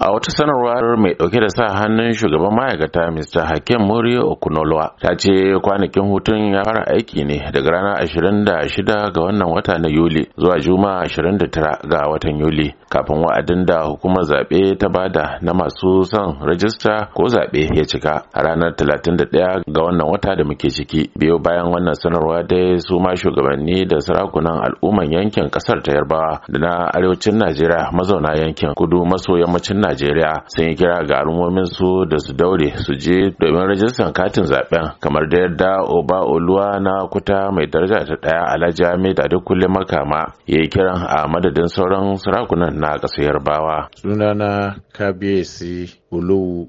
a wata sanarwar mai dauke da sa hannun shugaban ma'aikata mr hakim muri Okunoluwa, ta ce kwanakin hutun ya fara aiki ne daga ranar 26 ga wannan wata na yuli zuwa juma'a 29 ga watan yuli kafin wa'adin da hukumar zaɓe ta bada na masu son rajista ko zaɓe ya cika a ranar 31 ga wannan wata da muke ciki biyo bayan wannan sanarwa dai su ma shugabanni da sarakunan al'umman yankin ƙasar ta yarbawa da na arewacin najeriya mazauna yankin kudu maso yammacin najeriya sun yi kira ga al'ummomin su da su daure su je domin rajistan katin zaben kamar da yadda oba oluwa na kuta mai daraja ta daya alhaji da adekunle makama ya yi kiran a madadin sauran sarakunan na ƙasar yarbawa sunana kabiyesi olowu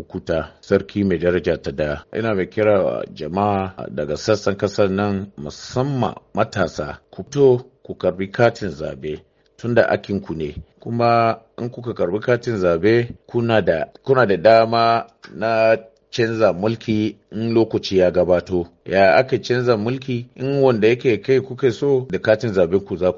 Okuta sarki mai daraja ta da ina mai kira jama'a daga sassan kasar nan musamman matasa ku fito ku karbi katin zabe tunda akinku ne kuma in kuka karbi katin zabe kuna da dama na canza mulki in lokaci ya gabato ya aka canza mulki in wanda yake kai kuke so da katin zabe ku za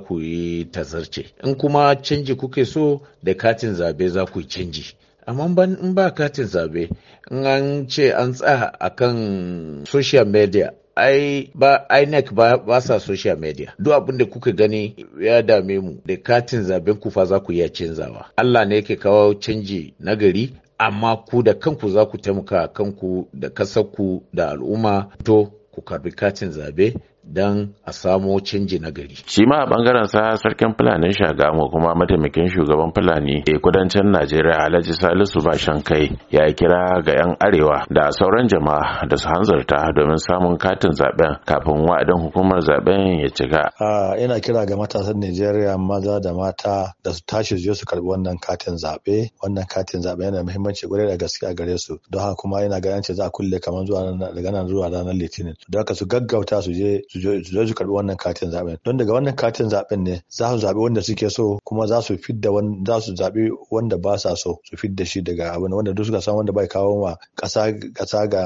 ku yi tazarce in kuma canji kuke so da katin zabe za ku yi canji amma in ba katin zabe in an ce an tsa akan social media ai ba INEC ba ba sa social media duk abin da kuka gani ya dame mu da katin zaben ku fa za ku iya canzawa Allah ne yake kawo canji na gari amma ku da kanku za ku taimaka kanku da kasarku da al'umma to ku karbi katin zabe don a samo canji na gari. Shi ma a bangaren sa sarkin Fulani Shagamu kuma mataimakin shugaban Fulani a kudancin Najeriya Alhaji Salisu Bashan Kai, ya yi kira ga 'yan arewa da sauran jama'a da su hanzarta domin samun katin zaben kafin wa'adin hukumar zaben ya cika. Ina kira ga matasan Najeriya maza da mata da su tashi su su karbi wannan katin zaɓe. Wannan katin zaɓe yana da muhimmanci gwarai da gaske a gare su. Don haka kuma yana ganin ce za a kulle kamar zuwa daga nan zuwa ranar Litinin. Don haka su gaggauta su je su zo su karbi wannan katin zaben don daga wannan katin zaben ne za su zabi wanda suke so kuma za su fidda za su zabi wanda ba sa so su fidda shi daga abin wanda duk suka san wanda bai kawo ma kasa kasa ga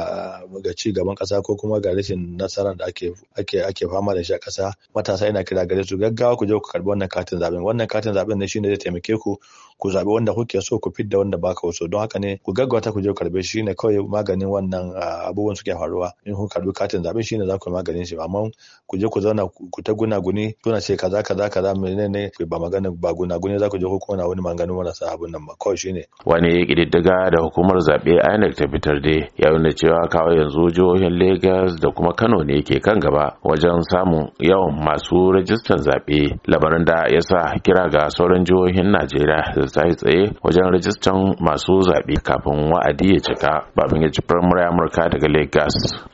ga ci gaban kasa ko kuma ga rashin nasara da ake ake ake fama da shi a kasa matasa ina kira gare su gaggawa ku je ku karbi wannan katin zaben wannan katin zaben ne shine zai taimake ku ku zabi wanda kuke so ku fidda wanda ba ka so don haka ne ku gaggauta ku je ku karbe shi ne kawai maganin wannan ah, abubuwan suke faruwa in kun karbi katin zaben shine za ku maganin shi amma ku je ku zauna ku ta gunaguni kuna ce kaza kaza kaza menene ba magana ba gunaguni za ku je ku kona wani maganin wani abun nan ba kawai shine wani kididdiga da hukumar zabe INEC ta fitar dai ya nuna cewa kawai yanzu jihohin Lagos da kuma Kano ne ke kan gaba wajen samun yawan masu rajistan zabe labarin da ya sa kira ga sauran jihohin Najeriya da ta tsaye wajen rajistan masu zabe kafin wa'adi ya cika babin ya ci Amurka daga Lagos